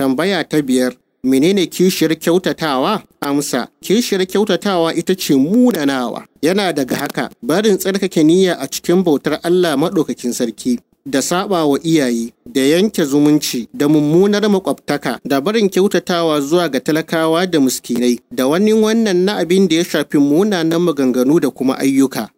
Tambaya ta biyar, menene kishiyar kyautatawa? Amsa, kishiyar kyautatawa ita ce munanawa. Yana daga haka, barin tsarkake niyya a cikin bautar Allah maɗaukakin sarki. Da saba wa iyaye, da yanke zumunci, da mummunar makwabtaka, da barin kyautatawa zuwa ga talakawa da muskinai, da wani wannan na abin da ya shafi munanan maganganu da kuma ayyuka.